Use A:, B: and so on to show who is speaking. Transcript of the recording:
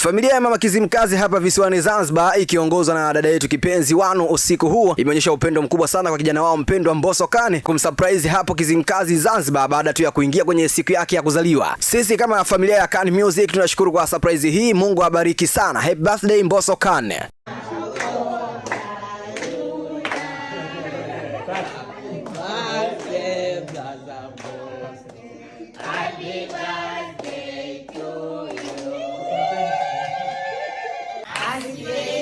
A: Familia ya Mama Kizimkazi hapa visiwani Zanzibar ikiongozwa na dada yetu kipenzi Wanu, usiku huu imeonyesha upendo mkubwa sana kwa kijana wao mpendwa Mbosso Kane kumsurprise hapo Kizimkazi Zanzibar baada tu ya kuingia kwenye siku yake ya kuzaliwa. Sisi kama familia ya Kane Music tunashukuru kwa surprise hii, Mungu abariki sana. Happy birthday Mbosso Kane.
B: Happy birthday.